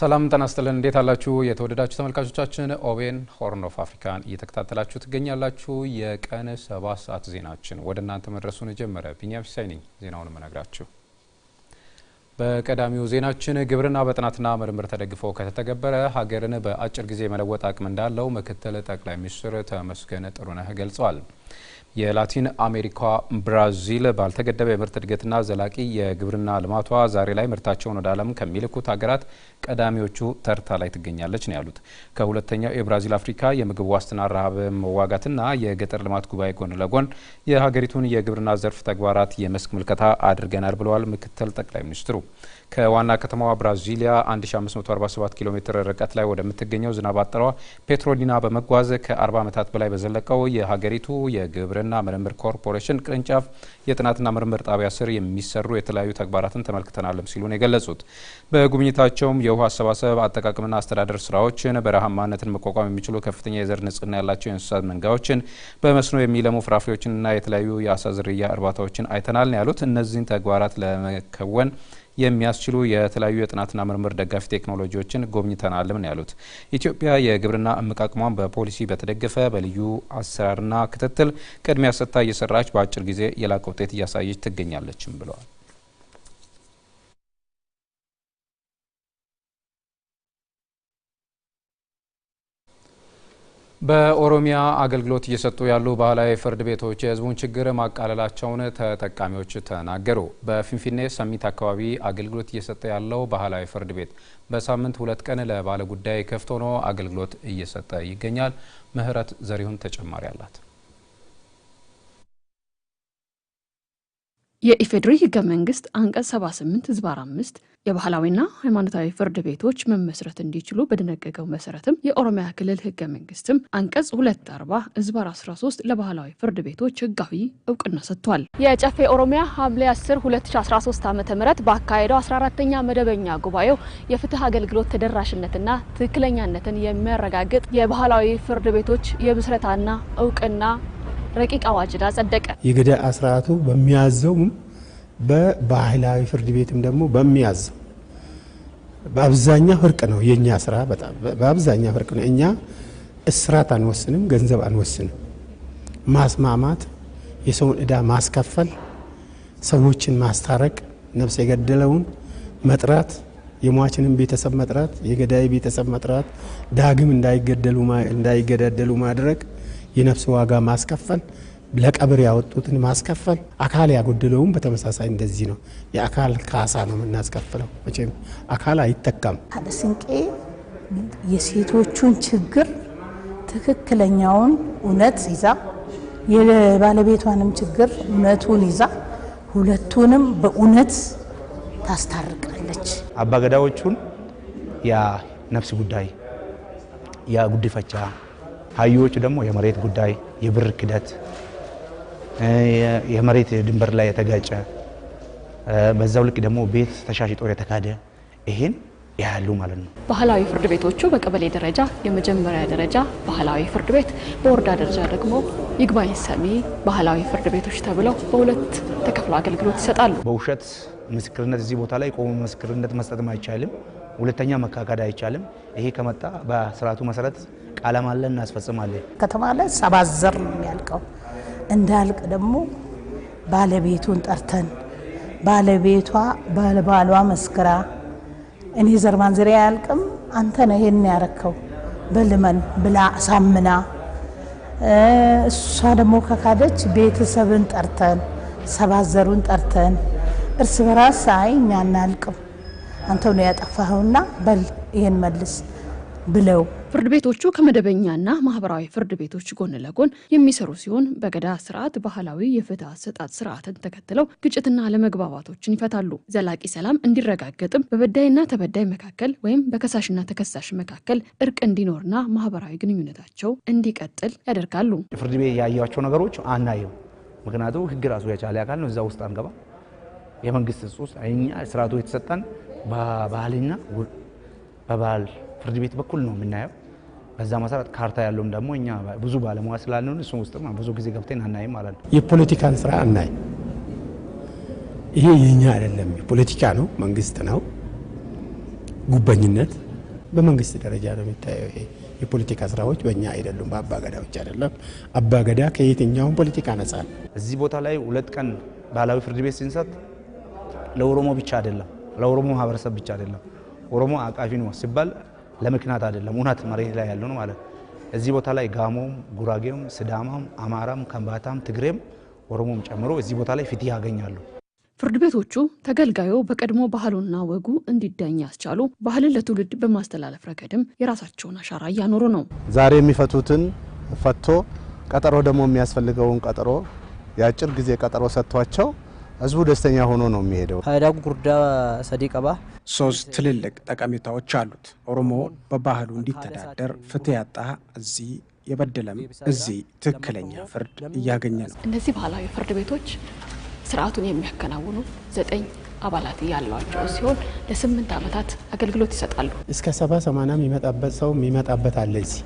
ሰላም ጤና ይስጥልን። እንዴት አላችሁ? የተወደዳችሁ ተመልካቾቻችን ኦቤን ሆርን ኦፍ አፍሪካን እየተከታተላችሁ ትገኛላችሁ። የቀን ሰባት ሰዓት ዜናችን ወደ እናንተ መድረሱን ጀመረ። ቢኒያም ሲሳይ ነኝ ዜናውን መነግራችሁ። በቀዳሚው ዜናችን ግብርና በጥናትና ምርምር ተደግፎ ከተተገበረ ሀገርን በአጭር ጊዜ መለወጥ አቅም እንዳለው ምክትል ጠቅላይ ሚኒስትር ተመስገን ጥሩነህ ገልጸዋል። የላቲን አሜሪካ ብራዚል ባልተገደበ የምርት እድገትና ዘላቂ የግብርና ልማቷ ዛሬ ላይ ምርታቸውን ወደ ዓለም ከሚልኩት ሀገራት ቀዳሚዎቹ ተርታ ላይ ትገኛለች ነው ያሉት። ከሁለተኛው የብራዚል አፍሪካ የምግብ ዋስትና ረሃብ መዋጋትና የገጠር ልማት ጉባኤ ጎን ለጎን የሀገሪቱን የግብርና ዘርፍ ተግባራት የመስክ ምልከታ አድርገናል ብለዋል ምክትል ጠቅላይ ሚኒስትሩ። ከዋና ከተማዋ ብራዚሊያ 1547 ኪሎ ሜትር ርቀት ላይ ወደምትገኘው ዝናብ አጠሯ ፔትሮሊና በመጓዝ ከ40 ዓመታት በላይ በዘለቀው የሀገሪቱ የግብርና ምርምር ኮርፖሬሽን ቅርንጫፍ የጥናትና ምርምር ጣቢያ ስር የሚሰሩ የተለያዩ ተግባራትን ተመልክተናልም ሲሉ ነው የገለጹት። በጉብኝታቸውም የውሃ አሰባሰብ አጠቃቀምና አስተዳደር ስራዎችን፣ በረሃማነትን መቋቋም የሚችሉ ከፍተኛ የዘር ንጽህና ያላቸው የእንስሳት መንጋዎችን፣ በመስኖ የሚለሙ ፍራፍሬዎችንና የተለያዩ የአሳ ዝርያ እርባታዎችን አይተናል ነው ያሉት። እነዚህን ተግባራት ለመከወን የሚያስችሉ የተለያዩ የጥናትና ምርምር ደጋፊ ቴክኖሎጂዎችን ጎብኝተናል ምን ያሉት። ኢትዮጵያ የግብርና እምቅ አቅሟን በፖሊሲ በተደገፈ በልዩ አሰራርና ክትትል ቅድሚያ ሰጥታ እየሰራች በአጭር ጊዜ የላቀ ውጤት እያሳየች ትገኛለችም ብለዋል። በኦሮሚያ አገልግሎት እየሰጡ ያሉ ባህላዊ ፍርድ ቤቶች የህዝቡን ችግር ማቃለላቸውን ተጠቃሚዎች ተናገሩ። በፊንፊኔ ሰሚት አካባቢ አገልግሎት እየሰጠ ያለው ባህላዊ ፍርድ ቤት በሳምንት ሁለት ቀን ለባለ ጉዳይ ክፍት ሆኖ አገልግሎት እየሰጠ ይገኛል። ምህረት ዘሪሁን ተጨማሪ አላት። የኢፌዴሪ ህገ መንግስት አንቀጽ 78 ህዝብ 45 የባህላዊና ሃይማኖታዊ ፍርድ ቤቶች መመስረት እንዲችሉ በደነገገው መሰረትም የኦሮሚያ ክልል ህገ መንግስትም አንቀጽ 240 ህዝብ 13 ለባህላዊ ፍርድ ቤቶች ህጋዊ እውቅና ሰጥቷል። የጨፌ ኦሮሚያ ሐምሌ 10 2013 ዓ ም በአካሄደው 14ተኛ መደበኛ ጉባኤው የፍትህ አገልግሎት ተደራሽነትና ትክክለኛነትን የሚያረጋግጥ የባህላዊ ፍርድ ቤቶች የምስረታና እውቅና ረቂቅ አዋጅን አጸደቀ። የገዳአ ስርዓቱ በሚያዘውም በባህላዊ ፍርድ ቤትም ደግሞ በሚያዘው በአብዛኛው እርቅ ነው የእኛ ስራ። በጣም በአብዛኛው እርቅ ነው። እኛ እስራት አንወስንም፣ ገንዘብ አንወስንም። ማስማማት፣ የሰውን እዳ ማስከፈል፣ ሰዎችን ማስታረቅ፣ ነፍስ የገደለውን መጥራት፣ የሟችንም ቤተሰብ መጥራት፣ የገዳይ ቤተሰብ መጥራት፣ ዳግም እንዳይገደሉ እንዳይገዳደሉ ማድረግ የነፍስ ዋጋ ማስከፈል፣ ለቀብር ያወጡትን ማስከፈል፣ አካል ያጎደለውም በተመሳሳይ እንደዚህ ነው። የአካል ካሳ ነው የምናስከፍለው። መቼም አካል አይተካም። አለስንቄ የሴቶቹን ችግር ትክክለኛውን እውነት ይዛ የባለቤቷንም ችግር እውነቱን ይዛ ሁለቱንም በእውነት ታስታርቃለች። አባገዳዎቹን ያ ነፍስ ጉዳይ ያ ጉድፈቻ ሀዮቹ ደግሞ የመሬት ጉዳይ፣ የብር ክደት፣ የመሬት ድንበር ላይ የተጋጨ በዛው ልክ ደግሞ ቤት ተሻሽጦ የተካደ ይሄን ያሉ ማለት ነው። ባህላዊ ፍርድ ቤቶቹ በቀበሌ ደረጃ የመጀመሪያ ደረጃ ባህላዊ ፍርድ ቤት፣ በወረዳ ደረጃ ደግሞ ይግባኝ ሰሚ ባህላዊ ፍርድ ቤቶች ተብለው በሁለት ተከፍለው አገልግሎት ይሰጣሉ። በውሸት ምስክርነት እዚህ ቦታ ላይ ቆሞ ምስክርነት መስጠትም አይቻልም። ሁለተኛ መካከዳ አይቻልም። ይሄ ከመጣ በስርዓቱ መሰረት ቃለም አለን እናስፈጽማለን። ከተማ ላይ ሰባዘር ነው የሚያልቀው። እንዳልቅ ደግሞ ባለቤቱን ጠርተን ባለቤቷ ባለባሏ መስክራ እኔ ዘር ማንዘሬ አያልቅም፣ አንተ ነህ ይሄን ያረከው በልመን ብላ አሳምና፣ እሷ ደግሞ ከካደች ቤተሰብን ጠርተን ሰባዘሩን ጠርተን እርስ በራስ አይ እኛ አናልቅም፣ አንተው ነው ያጠፋኸውና በል ይሄን መልስ ብለው ፍርድ ቤቶቹ ከመደበኛና ማህበራዊ ፍርድ ቤቶች ጎን ለጎን የሚሰሩ ሲሆን በገዳ ስርዓት ባህላዊ የፍትህ አሰጣጥ ስርዓትን ተከትለው ግጭትና አለመግባባቶችን ይፈታሉ። ዘላቂ ሰላም እንዲረጋገጥም በበዳይና ተበዳይ መካከል ወይም በከሳሽና ተከሳሽ መካከል እርቅ እንዲኖርና ማህበራዊ ግንኙነታቸው እንዲቀጥል ያደርጋሉ። ፍርድ ቤት ያያቸው ነገሮች አናየው። ምክንያቱም ህግ ራሱ የቻለ አካል ነው። እዛ ውስጥ አንገባ። የመንግስት ሱስ እኛ ስርዓቱ የተሰጠን በባህልና በባህል ፍርድ ቤት በኩል ነው የምናየው። በዛ መሰረት ካርታ ያለውም ደግሞ እኛ ብዙ ባለሙያ ስላለን እሱ ውስጥ ብዙ ጊዜ ገብተን አናይም ማለት ነው። የፖለቲካን ስራ አናይ። ይሄ የኛ አይደለም፣ የፖለቲካ ነው፣ መንግስት ነው። ጉበኝነት በመንግስት ደረጃ ነው የሚታየው። ይሄ የፖለቲካ ስራዎች በእኛ አይደሉም፣ በአባገዳዎች አይደለም። አባገዳ ከየትኛውም ፖለቲካ ነጻ ነው። እዚህ ቦታ ላይ ሁለት ቀን ባህላዊ ፍርድ ቤት ስንሰጥ ለኦሮሞ ብቻ አይደለም፣ ለኦሮሞ ማህበረሰብ ብቻ አይደለም። ኦሮሞ አቃፊ ነው ሲባል ለምክንያት አይደለም፣ እውነት መሬት ላይ ያለ ነው ማለት እዚህ ቦታ ላይ ጋሞም፣ ጉራጌም፣ ስዳማም፣ አማራም፣ ከምባታም፣ ትግሬም ኦሮሞም ጨምሮ እዚህ ቦታ ላይ ፍትህ ያገኛሉ። ፍርድ ቤቶቹ ተገልጋዩ በቀድሞ ባህሉና ወጉ እንዲዳኝ ያስቻሉ ባህልን ለትውልድ በማስተላለፍ ረገድም የራሳቸውን አሻራ እያኖሩ ነው። ዛሬ የሚፈቱትን ፈቶ ቀጠሮ ደግሞ የሚያስፈልገውን ቀጠሮ የአጭር ጊዜ ቀጠሮ ሰጥቷቸው ህዝቡ ደስተኛ ሆኖ ነው የሚሄደው። ሀይዳጉ ጉርዳ ሰዲ ቀባ ሶስት ትልልቅ ጠቀሜታዎች አሉት። ኦሮሞ በባህሉ እንዲተዳደር ፍትህ ያጣ እዚህ የበደለም እዚህ ትክክለኛ ፍርድ እያገኘ ነው። እነዚህ ባህላዊ ፍርድ ቤቶች ስርዓቱን የሚያከናውኑ ዘጠኝ አባላት ያሏቸው ሲሆን ለስምንት ዓመታት አገልግሎት ይሰጣሉ። እስከ ሰባ ሰማንያ የሚመጣበት ሰው የሚመጣበት አለ እዚህ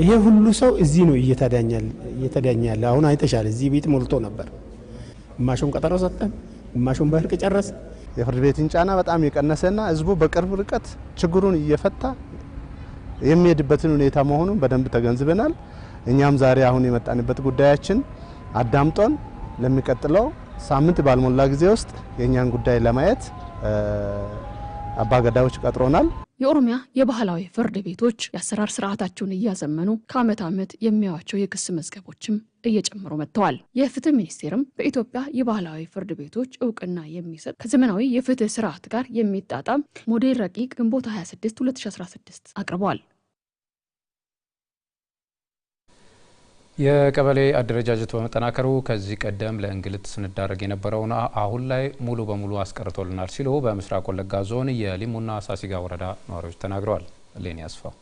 ይሄ ሁሉ ሰው እዚህ ነው እየተዳኛል እየተዳኛል። አሁን አይተሻል። እዚህ ቤት ሞልቶ ነበር። ግማሹን ቀጠሮ ሰጠን፣ ግማሹን በእርቅ ጨረሰ። የፍርድ ቤትን ጫና በጣም የቀነሰና ህዝቡ በቅርብ ርቀት ችግሩን እየፈታ የሚሄድበትን ሁኔታ መሆኑን በደንብ ተገንዝበናል። እኛም ዛሬ አሁን የመጣንበት ጉዳያችን አዳምጦን ለሚቀጥለው ሳምንት ባልሞላ ጊዜ ውስጥ የእኛን ጉዳይ ለማየት አባገዳዮች ቀጥሮናል። የኦሮሚያ የባህላዊ ፍርድ ቤቶች የአሰራር ስርዓታቸውን እያዘመኑ ከዓመት ዓመት የሚያዩዋቸው የክስ መዝገቦችም እየጨመሩ መጥተዋል። የፍትህ ሚኒስቴርም በኢትዮጵያ የባህላዊ ፍርድ ቤቶች እውቅና የሚሰጥ ከዘመናዊ የፍትህ ስርዓት ጋር የሚጣጣም ሞዴል ረቂቅ ግንቦት 26 2016 አቅርቧል። የቀበሌ አደረጃጀት በመጠናከሩ ከዚህ ቀደም ለእንግልት ስንዳረግ የነበረውን አሁን ላይ ሙሉ በሙሉ አስቀርቶልናል ሲሉ በምስራቅ ወለጋ ዞን የሊሙና ሳሲጋ ወረዳ ነዋሪዎች ተናግረዋል። ሌኒ አስፋው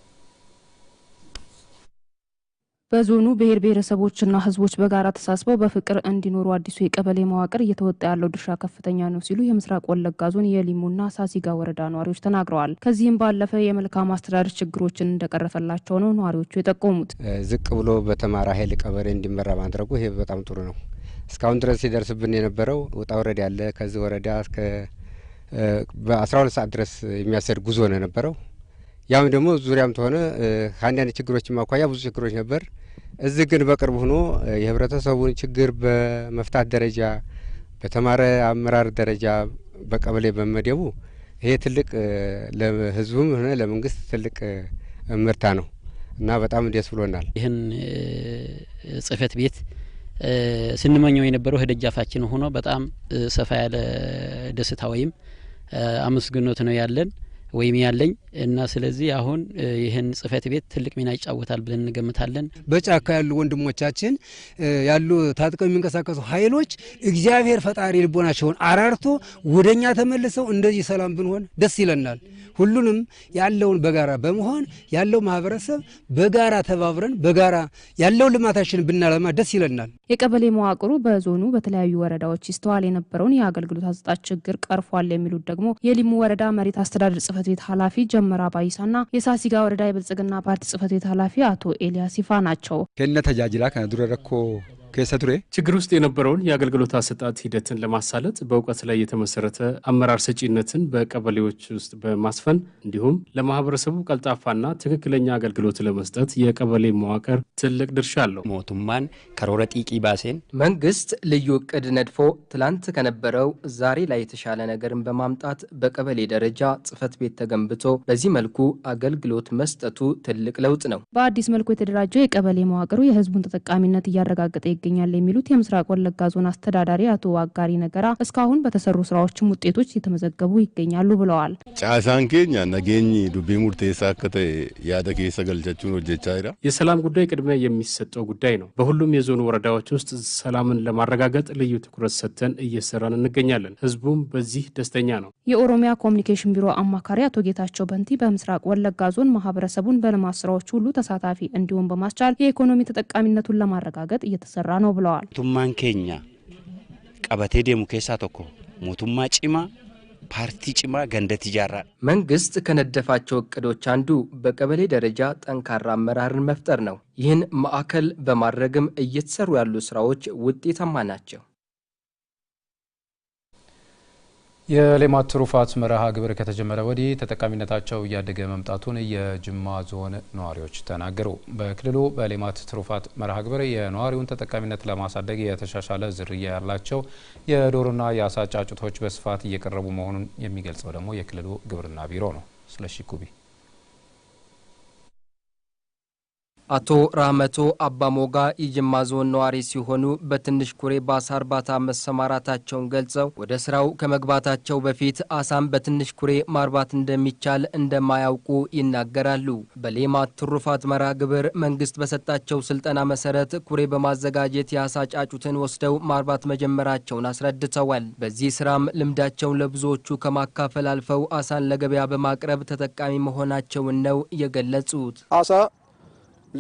በዞኑ ብሔር ብሔረሰቦችና ህዝቦች በጋራ ተሳስበው በፍቅር እንዲኖሩ አዲሱ የቀበሌ መዋቅር እየተወጣ ያለው ድርሻ ከፍተኛ ነው ሲሉ የምስራቅ ወለጋ ዞን የሊሙና ሳሲጋ ወረዳ ነዋሪዎች ተናግረዋል። ከዚህም ባለፈ የመልካም አስተዳደር ችግሮችን እንደቀረፈላቸው ነው ነዋሪዎቹ የጠቆሙት። ዝቅ ብሎ በተማረ ኃይል ቀበሌ እንዲመራ ማድረጉ ይሄ በጣም ጥሩ ነው። እስካሁን ድረስ ሲደርስብን የነበረው ውጣ ወረዳ ያለ ከዚህ ወረዳ በአስራ ሁለት ሰዓት ድረስ የሚያሰድ ጉዞ ነው የነበረው ያም ደግሞ ዙሪያም ተሆነ ከአንዳንድ ችግሮች ማኳያ ብዙ ችግሮች ነበር። እዚህ ግን በቅርብ ሆኖ የህብረተሰቡን ችግር በመፍታት ደረጃ በተማረ አመራር ደረጃ በቀበሌ በመመደቡ ይሄ ትልቅ ለህዝቡም ሆነ ለመንግስት ትልቅ እምርታ ነው እና በጣም ደስ ብሎናል። ይህን ጽህፈት ቤት ስንመኘው የነበረው ህደጃፋችን ሆኖ በጣም ሰፋ ያለ ደስታ ወይም አመስግኖት ነው ያለን ወይም ያለኝ እና ስለዚህ አሁን ይህን ጽህፈት ቤት ትልቅ ሚና ይጫወታል ብለን እንገምታለን። በጫካ ያሉ ወንድሞቻችን ያሉ ታጥቀው የሚንቀሳቀሱ ኃይሎች እግዚአብሔር ፈጣሪ ልቦናቸውን አራርቶ ወደኛ ተመልሰው እንደዚህ ሰላም ብንሆን ደስ ይለናል። ሁሉንም ያለውን በጋራ በመሆን ያለው ማህበረሰብ በጋራ ተባብረን በጋራ ያለውን ልማታችን ብናለማ ደስ ይለናል። የቀበሌ መዋቅሩ በዞኑ በተለያዩ ወረዳዎች ይስተዋል የነበረውን የአገልግሎት አሰጣጥ ችግር ቀርፏል የሚሉት ደግሞ የሊሙ ወረዳ መሬት አስተዳደር ጽህፈት ቤት ኃላፊ የሁመራ ባይሳና የሳሲጋ ወረዳ የብልጽግና ፓርቲ ጽህፈት ቤት ኃላፊ አቶ ኤልያስ ይፋ ናቸው። ከነ ተጃጅላ ከነ ዱረ ረኮ ችግር ውስጥ የነበረውን የአገልግሎት አሰጣጥ ሂደትን ለማሳለጥ በእውቀት ላይ የተመሰረተ አመራር ሰጪነትን በቀበሌዎች ውስጥ በማስፈን እንዲሁም ለማህበረሰቡ ቀልጣፋና ትክክለኛ አገልግሎት ለመስጠት የቀበሌ መዋቅር ትልቅ ድርሻ አለው። ሞቱማን ከሮረ ጢቂ ባሴን መንግስት ልዩ እቅድ ነድፎ ትላንት ከነበረው ዛሬ ላይ የተሻለ ነገርን በማምጣት በቀበሌ ደረጃ ጽህፈት ቤት ተገንብቶ በዚህ መልኩ አገልግሎት መስጠቱ ትልቅ ለውጥ ነው። በአዲስ መልኩ የተደራጀው የቀበሌ መዋቅሩ የህዝቡን ተጠቃሚነት እያረጋገጠ ይገኛል የሚሉት የምስራቅ ወለጋ ዞን አስተዳዳሪ አቶ አጋሪ ነገራ እስካሁን በተሰሩ ስራዎችም ውጤቶች የተመዘገቡ ይገኛሉ ብለዋል። ጫሳን ኬኛ ነገኝ ዱቤ ሙርቴሳ ከተ ያደ ኬሰ ወጀቻ ይራ የሰላም ጉዳይ ቅድሚያ የሚሰጠው ጉዳይ ነው። በሁሉም የዞኑ ወረዳዎች ውስጥ ሰላምን ለማረጋገጥ ልዩ ትኩረት ሰጥተን እየሰራን እንገኛለን። ህዝቡም በዚህ ደስተኛ ነው። የኦሮሚያ ኮሚኒኬሽን ቢሮ አማካሪ አቶ ጌታቸው በንቲ በምስራቅ ወለጋ ዞን ማህበረሰቡን በልማት ስራዎች ሁሉ ተሳታፊ እንዲሆን በማስቻል የኢኮኖሚ ተጠቃሚነቱን ለማረጋገጥ እየተሰራ እየተሰራ ነው ብለዋል። ቱማን ኬኛ ቀበቴ ደሙ ኬሳ ቶኮ ሞቱማ ጭማ ፓርቲ ጭማ ገንደት ይጃራ መንግስት ከነደፋቸው እቅዶች አንዱ በቀበሌ ደረጃ ጠንካራ አመራርን መፍጠር ነው። ይህን ማዕከል በማድረግም እየተሰሩ ያሉ ስራዎች ውጤታማ ናቸው። የሌማት ትሩፋት መርሃ ግብር ከተጀመረ ወዲህ ተጠቃሚነታቸው እያደገ መምጣቱን የጅማ ዞን ነዋሪዎች ተናገሩ። በክልሉ በሌማት ትሩፋት መርሃ ግብር የነዋሪውን ተጠቃሚነት ለማሳደግ የተሻሻለ ዝርያ ያላቸው የዶሮና የአሳ ጫጩቶች በስፋት እየቀረቡ መሆኑን የሚገልጸው ደግሞ የክልሉ ግብርና ቢሮ ነው። ስለሺ ኩቢ አቶ ራመቶ አባሞጋ የጅማ ዞን ነዋሪ ሲሆኑ በትንሽ ኩሬ በአሳ እርባታ መሰማራታቸውን ገልጸው ወደ ስራው ከመግባታቸው በፊት አሳም በትንሽ ኩሬ ማርባት እንደሚቻል እንደማያውቁ ይናገራሉ። በሌማት ትሩፋት መርሃ ግብር መንግስት በሰጣቸው ስልጠና መሰረት ኩሬ በማዘጋጀት የአሳ ጫጩትን ወስደው ማርባት መጀመራቸውን አስረድተዋል። በዚህ ስራም ልምዳቸውን ለብዙዎቹ ከማካፈል አልፈው አሳን ለገበያ በማቅረብ ተጠቃሚ መሆናቸውን ነው የገለጹት። አሳ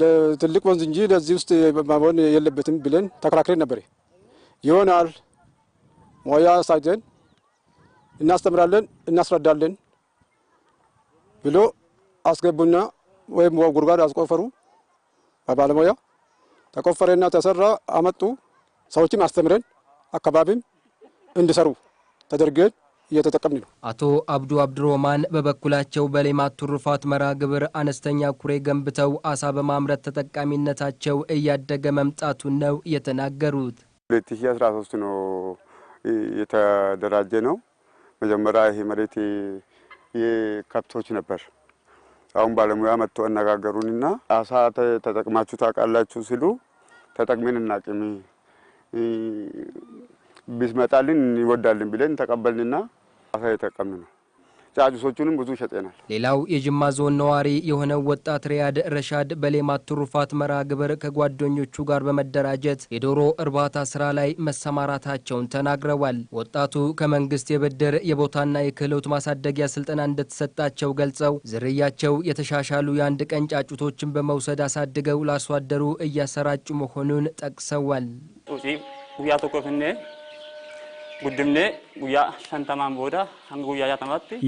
ለትልቅ ወንዝ እንጂ ለዚህ ውስጥ መሆን የለበትም ብለን ተከራክረን ነበር። ይሆናል ሙያ ሳይዘን እናስተምራለን፣ እናስረዳለን ብሎ አስገቡና ወይም ጉድጓድ አስቆፈሩ። በባለሙያ ተቆፈረና ተሰራ አመጡ። ሰዎችም አስተምረን አካባቢም እንዲሰሩ ተደርገን እየተጠቀምን ነው። አቶ አብዱ አብድሮማን በበኩላቸው በሌማት ትሩፋት መርሃ ግብር አነስተኛ ኩሬ ገንብተው አሳ በማምረት ተጠቃሚነታቸው እያደገ መምጣቱን ነው የተናገሩት። 2013 ነው የተደራጀ ነው። መጀመሪያ ይሄ መሬት የከብቶች ነበር። አሁን ባለሙያ መጥቶ አነጋገሩንና አሳ ተጠቅማችሁ ታውቃላችሁ ሲሉ ተጠቅሜን እናቅሚ ቢስመጣልን ይወዳልን ብለን ተቀበልንና አሳ እየተቀም ነው። ጫጩቶቹንም ብዙ ሸጤናል። ሌላው የጅማ ዞን ነዋሪ የሆነው ወጣት ሪያድ ረሻድ በሌማት ትሩፋት መራ ግብር ከጓደኞቹ ጋር በመደራጀት የዶሮ እርባታ ስራ ላይ መሰማራታቸውን ተናግረዋል። ወጣቱ ከመንግስት የብድር የቦታና የክህሎት ማሳደጊያ ስልጠና እንደተሰጣቸው ገልጸው ዝርያቸው የተሻሻሉ የአንድ ቀን ጫጩቶችን በመውሰድ አሳድገው አደሩ እያሰራጩ መሆኑን ጠቅሰዋል።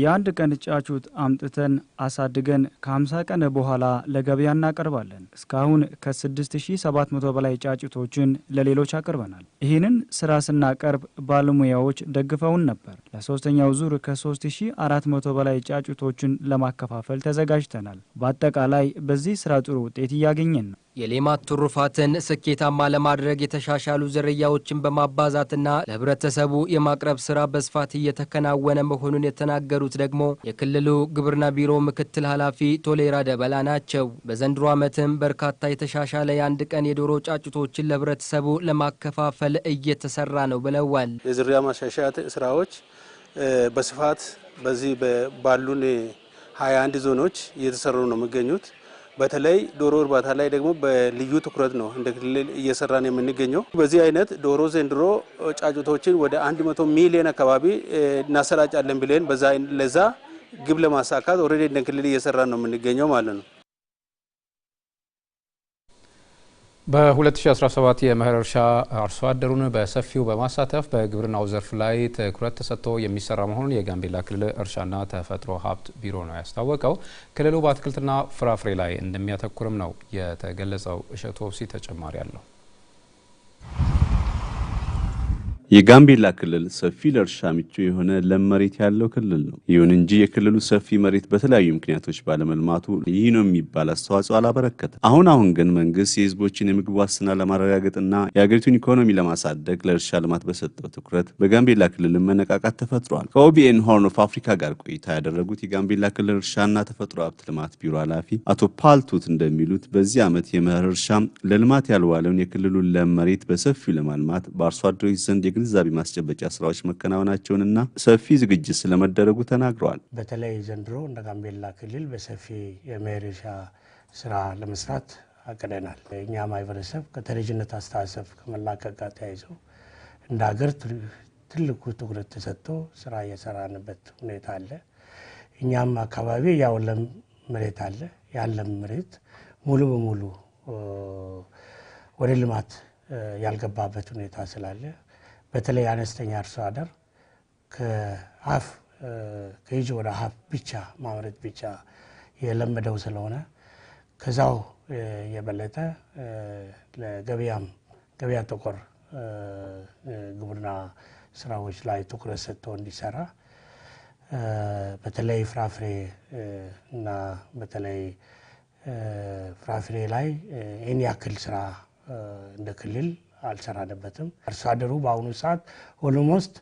የአንድ ቀን ጫጩት አምጥተን አሳድገን ከ50 ቀን በኋላ ለገበያ እናቀርባለን። እስካሁን ከ6700 በላይ ጫጩቶችን ለሌሎች አቅርበናል። ይህንን ስራ ስናቀርብ ባለሙያዎች ደግፈውን ነበር። ለሶስተኛው ዙር ከ3400 በላይ ጫጩቶችን ለማከፋፈል ተዘጋጅተናል። በአጠቃላይ በዚህ ስራ ጥሩ ውጤት እያገኘን ነው። የሌማት ትሩፋትን ስኬታማ ለማድረግ የተሻሻሉ ዝርያዎችን በማባዛትና ለህብረተሰቡ የማቅረብ ስራ በስፋት እየተከናወነ መሆኑን የተናገሩት ደግሞ የክልሉ ግብርና ቢሮ ምክትል ኃላፊ ቶሌራ ደበላ ናቸው። በዘንድሮ ዓመትም በርካታ የተሻሻለ የአንድ ቀን የዶሮ ጫጩቶችን ለህብረተሰቡ ለማከፋፈል እየተሰራ ነው ብለዋል። የዝርያ ማሻሻያ ስራዎች በስፋት በዚህ ባሉን ሀያ ዞኖች እየተሰሩ ነው የሚገኙት በተለይ ዶሮ እርባታ ላይ ደግሞ በልዩ ትኩረት ነው እንደ ክልል እየሰራን የምንገኘው። በዚህ አይነት ዶሮ ዘንድሮ ጫጩቶችን ወደ 100 ሚሊዮን አካባቢ እናሰራጫለን ብለን በዛ ለዛ ግብ ለማሳካት ኦልሬዲ እንደ ክልል እየሰራን ነው የምንገኘው ማለት ነው። በ2017 የመኸር እርሻ አርሶ አደሩን በሰፊው በማሳተፍ በግብርናው ዘርፍ ላይ ትኩረት ተሰጥቶ የሚሰራ መሆኑን የጋምቤላ ክልል እርሻና ተፈጥሮ ሀብት ቢሮ ነው ያስታወቀው። ክልሉ በአትክልትና ፍራፍሬ ላይ እንደሚያተኩርም ነው የተገለጸው። እሸቶ ሲ ተጨማሪ አለው። የጋምቤላ ክልል ሰፊ ለእርሻ ምቹ የሆነ ለም መሬት ያለው ክልል ነው። ይሁን እንጂ የክልሉ ሰፊ መሬት በተለያዩ ምክንያቶች ባለመልማቱ ይህ ነው የሚባል አስተዋጽኦ አላበረከተ። አሁን አሁን ግን መንግስት የህዝቦችን የምግብ ዋስትና ለማረጋገጥና የሀገሪቱን ኢኮኖሚ ለማሳደግ ለእርሻ ልማት በሰጠው ትኩረት በጋምቤላ ክልል መነቃቃት ተፈጥሯል። ከኦቢኤን ሆርን ኦፍ አፍሪካ ጋር ቆይታ ያደረጉት የጋምቤላ ክልል እርሻና ተፈጥሮ ሀብት ልማት ቢሮ ኃላፊ አቶ ፓልቱት እንደሚሉት በዚህ ዓመት የመኸር እርሻ ለልማት ያልዋለውን የክልሉን ለም መሬት በሰፊው ለማልማት በአርሶ አደሮች ዘንድ የግንዛቤ ማስጨበጫ ስራዎች መከናወናቸውንና ሰፊ ዝግጅት ስለመደረጉ ተናግረዋል። በተለይ ዘንድሮ እንደ ጋምቤላ ክልል በሰፊ የመሬሻ ስራ ለመስራት አቅደናል። የእኛ ማህበረሰብ ከተረጅነት አስተሳሰብ ከመላቀቅ ጋር ተያይዘው እንደ ሀገር ትልቁ ትኩረት ተሰጥቶ ስራ እየሰራንበት ሁኔታ አለ። እኛም አካባቢ ያውለም መሬት አለ። ያለም መሬት ሙሉ በሙሉ ወደ ልማት ያልገባበት ሁኔታ ስላለ በተለይ አነስተኛ አርሶ አደር ከአፍ ከይጅ ወደ አፍ ብቻ ማምረት ብቻ የለመደው ስለሆነ ከዛው የበለጠ ለገበያም ገበያ ተኮር ግብርና ስራዎች ላይ ትኩረት ሰጥቶ እንዲሰራ በተለይ ፍራፍሬ እና በተለይ ፍራፍሬ ላይ ይህን ያክል ስራ እንደ ክልል አልሰራንበትም። አርሶ አደሩ በአሁኑ ሰዓት ኦልሞስት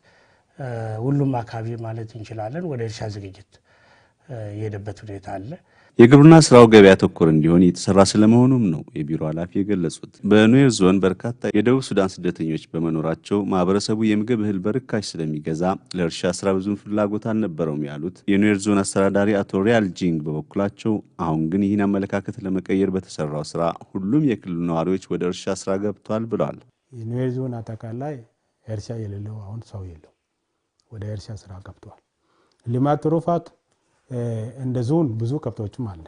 ሁሉም አካባቢ ማለት እንችላለን ወደ እርሻ ዝግጅት የሄደበት ሁኔታ አለ። የግብርና ስራው ገበያ ተኮር እንዲሆን እየተሰራ ስለመሆኑም ነው የቢሮ ኃላፊ የገለጹት። በኑዌር ዞን በርካታ የደቡብ ሱዳን ስደተኞች በመኖራቸው ማህበረሰቡ የምግብ እህል በርካሽ ስለሚገዛ ለእርሻ ስራ ብዙም ፍላጎት አልነበረውም ያሉት የኑዌር ዞን አስተዳዳሪ አቶ ሪያል ጂንግ በበኩላቸው አሁን ግን ይህን አመለካከት ለመቀየር በተሰራው ስራ ሁሉም የክልሉ ነዋሪዎች ወደ እርሻ ስራ ገብቷል ብለዋል። የኑዌር ዞን አጠቃላይ እርሻ የሌለው አሁን ሰው የለው ወደ እርሻ ስራ ገብቷል። ልማት ትሩፋት እንደ ዞን ብዙ ከብቶችም አለ፣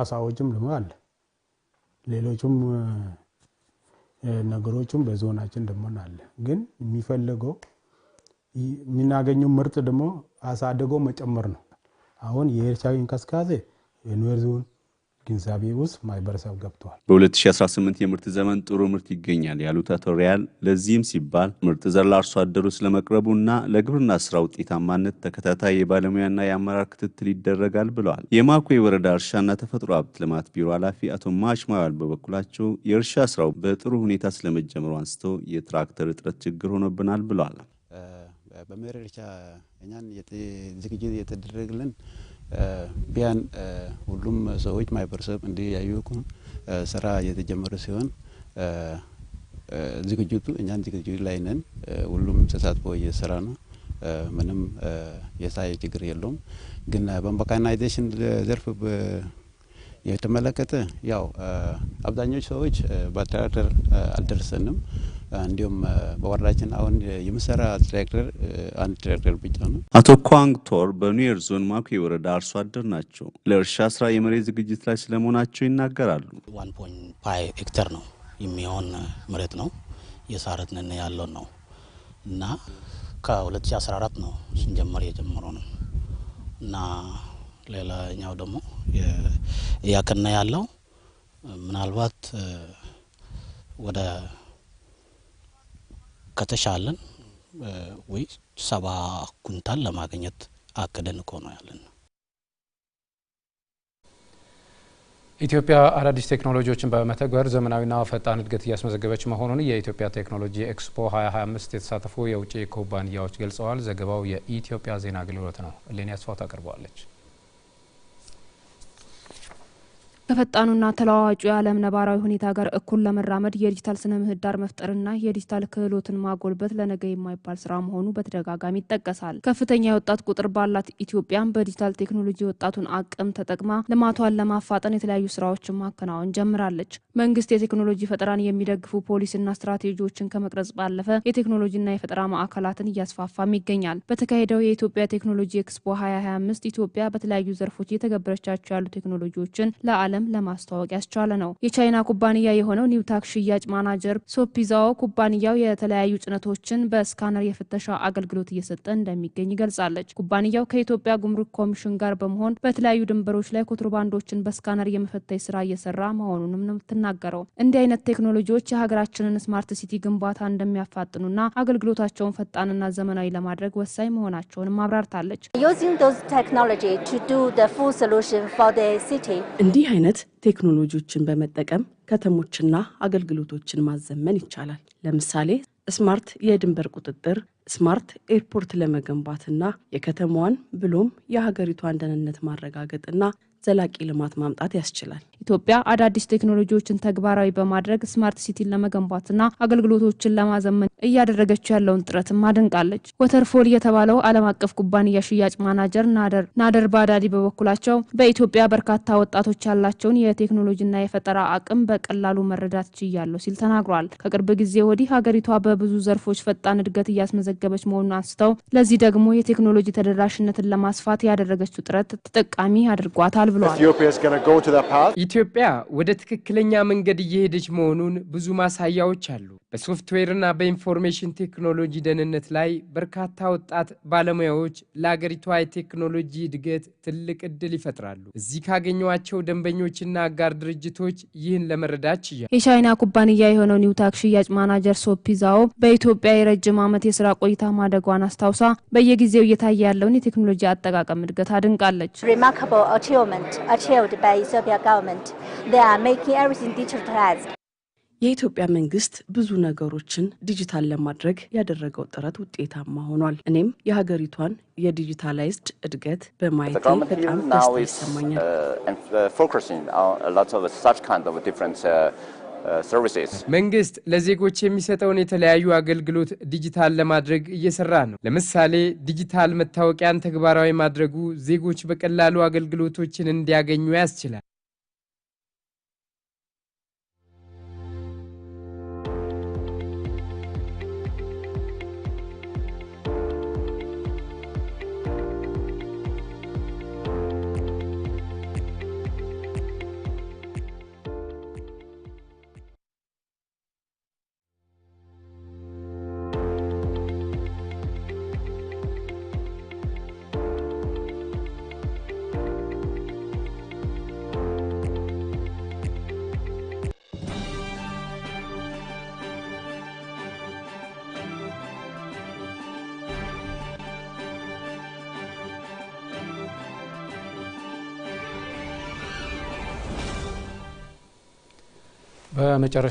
አሳዎችም ደግሞ አለ። ሌሎችም ነገሮችም በዞናችን ደግሞ አለ። ግን የሚፈለገው የምናገኘው ምርጥ ደግሞ አሳድገው መጨመር ነው። አሁን የኤርቻዊ እንቅስቃሴ የኑዌር ዞን ግንዛቤ ውስጥ ማህበረሰብ ገብተዋል። በ2018 የምርት ዘመን ጥሩ ምርት ይገኛል ያሉት አቶ ሪያል ለዚህም ሲባል ምርጥ ዘር ለአርሶ አደሩ እና ለግብርና ስራ ውጤታማነት ተከታታይ የባለሙያና የአመራር ክትትል ይደረጋል ብለዋል። የማኮ የወረዳ እርሻና ተፈጥሮ ሀብት ልማት ቢሮ ኃላፊ አቶ ማሽ ማዋል በበኩላቸው የእርሻ ስራው በጥሩ ሁኔታ ስለመጀመሩ አንስቶ የትራክተር እጥረት ችግር ሆኖብናል ብለዋል። በመሬ እርሻ እኛን ዝግጅት የተደረግልን ቢያን ሁሉም ሰዎች ማህበረሰብ እንዲያዩ ስራ እየተጀመረ ሲሆን ዝግጅቱ እኛን ዝግጅቱ ላይ ነን። ሁሉም ተሳትፎ እየሰራ ነው። ምንም የሳይ ችግር የለውም። ግን በሜካናይዜሽን ዘርፍ የተመለከተ ያው አብዛኞቹ ሰዎች በአደራደር አልደረሰንም። እንዲሁም በወረዳችን አሁን የምሰራ ትራክተር አንድ ትራክተር ብቻ ነው። አቶ ኳንግ ቶር በኑዌር ዞን ማኩ የወረዳ አርሶ አደር ናቸው። ለእርሻ ስራ የመሬት ዝግጅት ላይ ስለመሆናቸው ይናገራሉ። ዋን ፖይንት ፋይቭ ሄክተር ነው የሚሆን መሬት ነው የሳረትንን ያለው ነው እና ከ2014 ነው ስንጀመር የጀመረው ነው እና ሌላኛው ደግሞ እያከና ያለው ምናልባት ወደ ከተሻለን ወይ ሰባ ኩንታል ለማግኘት አቅደን እኮ ነው ያለን። ኢትዮጵያ አዳዲስ ቴክኖሎጂዎችን በመተግበር ዘመናዊና ፈጣን እድገት እያስመዘገበች መሆኑን የኢትዮጵያ ቴክኖሎጂ ኤክስፖ 2025 የተሳተፉ የውጭ ኩባንያዎች ገልጸዋል። ዘገባው የኢትዮጵያ ዜና አገልግሎት ነው። እሌኒ አስፋው ታቀርበዋለች። ከፈጣኑና ተለዋዋጩ የዓለም ነባራዊ ሁኔታ ጋር እኩል ለመራመድ የዲጂታል ስነ ምህዳር መፍጠርና የዲጂታል ክህሎትን ማጎልበት ለነገ የማይባል ስራ መሆኑ በተደጋጋሚ ይጠቀሳል። ከፍተኛ የወጣት ቁጥር ባላት ኢትዮጵያን በዲጂታል ቴክኖሎጂ ወጣቱን አቅም ተጠቅማ ልማቷን ለማፋጠን የተለያዩ ስራዎችን ማከናወን ጀምራለች። መንግስት የቴክኖሎጂ ፈጠራን የሚደግፉ ፖሊሲና ስትራቴጂዎችን ከመቅረጽ ባለፈ የቴክኖሎጂና የፈጠራ ማዕከላትን እያስፋፋም ይገኛል። በተካሄደው የኢትዮጵያ ቴክኖሎጂ ኤክስፖ 2025 ኢትዮጵያ በተለያዩ ዘርፎች እየተገበረቻቸው ያሉ ቴክኖሎጂዎችን ለዓለም ለዓለም ለማስተዋወቅ ያስቻለ ነው። የቻይና ኩባንያ የሆነው ኒውታክ ሽያጭ ማናጀር ሶፒዛዎ ኩባንያው የተለያዩ ጭነቶችን በስካነር የፍተሻ አገልግሎት እየሰጠ እንደሚገኝ ይገልጻለች። ኩባንያው ከኢትዮጵያ ጉምሩክ ኮሚሽን ጋር በመሆን በተለያዩ ድንበሮች ላይ ኮንትሮባንዶችን በስካነር የመፈተሽ ስራ እየሰራ መሆኑንም ነው የምትናገረው። እንዲህ አይነት ቴክኖሎጂዎች የሀገራችንን ስማርት ሲቲ ግንባታ እንደሚያፋጥኑና አገልግሎታቸውን ፈጣንና ዘመናዊ ለማድረግ ወሳኝ መሆናቸውንም አብራርታለች። እንዲህ አይነት ቴክኖሎጂዎችን በመጠቀም ከተሞችና አገልግሎቶችን ማዘመን ይቻላል። ለምሳሌ ስማርት የድንበር ቁጥጥር፣ ስማርት ኤርፖርት ለመገንባትና የከተማዋን ብሎም የሀገሪቷን ደህንነት ማረጋገጥና ዘላቂ ልማት ማምጣት ያስችላል። ኢትዮጵያ አዳዲስ ቴክኖሎጂዎችን ተግባራዊ በማድረግ ስማርት ሲቲን ለመገንባትና አገልግሎቶችን ለማዘመን እያደረገች ያለውን ጥረትም አድንቃለች። ወተርፎል የተባለው ዓለም አቀፍ ኩባንያ ሽያጭ ማናጀር ናደር ባዳዲ በበኩላቸው በኢትዮጵያ በርካታ ወጣቶች ያላቸውን የቴክኖሎጂና የፈጠራ አቅም በቀላሉ መረዳት ችያለሁ ሲል ተናግሯል። ከቅርብ ጊዜ ወዲህ ሀገሪቷ በብዙ ዘርፎች ፈጣን እድገት እያስመዘገበች መሆኑን አንስተው ለዚህ ደግሞ የቴክኖሎጂ ተደራሽነትን ለማስፋት ያደረገችው ጥረት ተጠቃሚ አድርጓታል ብሏል። ኢትዮጵያ ወደ ትክክለኛ መንገድ እየሄደች መሆኑን ብዙ ማሳያዎች አሉ። በሶፍትዌርና በኢንፎርሜሽን ቴክኖሎጂ ደህንነት ላይ በርካታ ወጣት ባለሙያዎች ለአገሪቷ የቴክኖሎጂ እድገት ትልቅ እድል ይፈጥራሉ። እዚህ ካገኟቸው ደንበኞችና አጋር ድርጅቶች ይህን ለመረዳት ችያል። የቻይና ኩባንያ የሆነው ኒውታክ ሽያጭ ማናጀር ሶፒዛኦ በኢትዮጵያ የረጅም ዓመት የስራ ቆይታ ማደጓን አስታውሳ በየጊዜው እየታየ ያለውን የቴክኖሎጂ አጠቃቀም እድገት አድንቃለች። remarkable አቺቭመንት አቺቭድ by ኢትዮጵያ ጋቨርንመንት They are making everything የኢትዮጵያ መንግስት ብዙ ነገሮችን ዲጂታል ለማድረግ ያደረገው ጥረት ውጤታማ ሆኗል። እኔም የሀገሪቷን የዲጂታላይዝድ እድገት በማየት uh, uh, uh, መንግስት ለዜጎች የሚሰጠውን የተለያዩ አገልግሎት ዲጂታል ለማድረግ እየሰራ ነው። ለምሳሌ ዲጂታል መታወቂያን ተግባራዊ ማድረጉ ዜጎች በቀላሉ አገልግሎቶችን እንዲያገኙ ያስችላል። መጨረሻ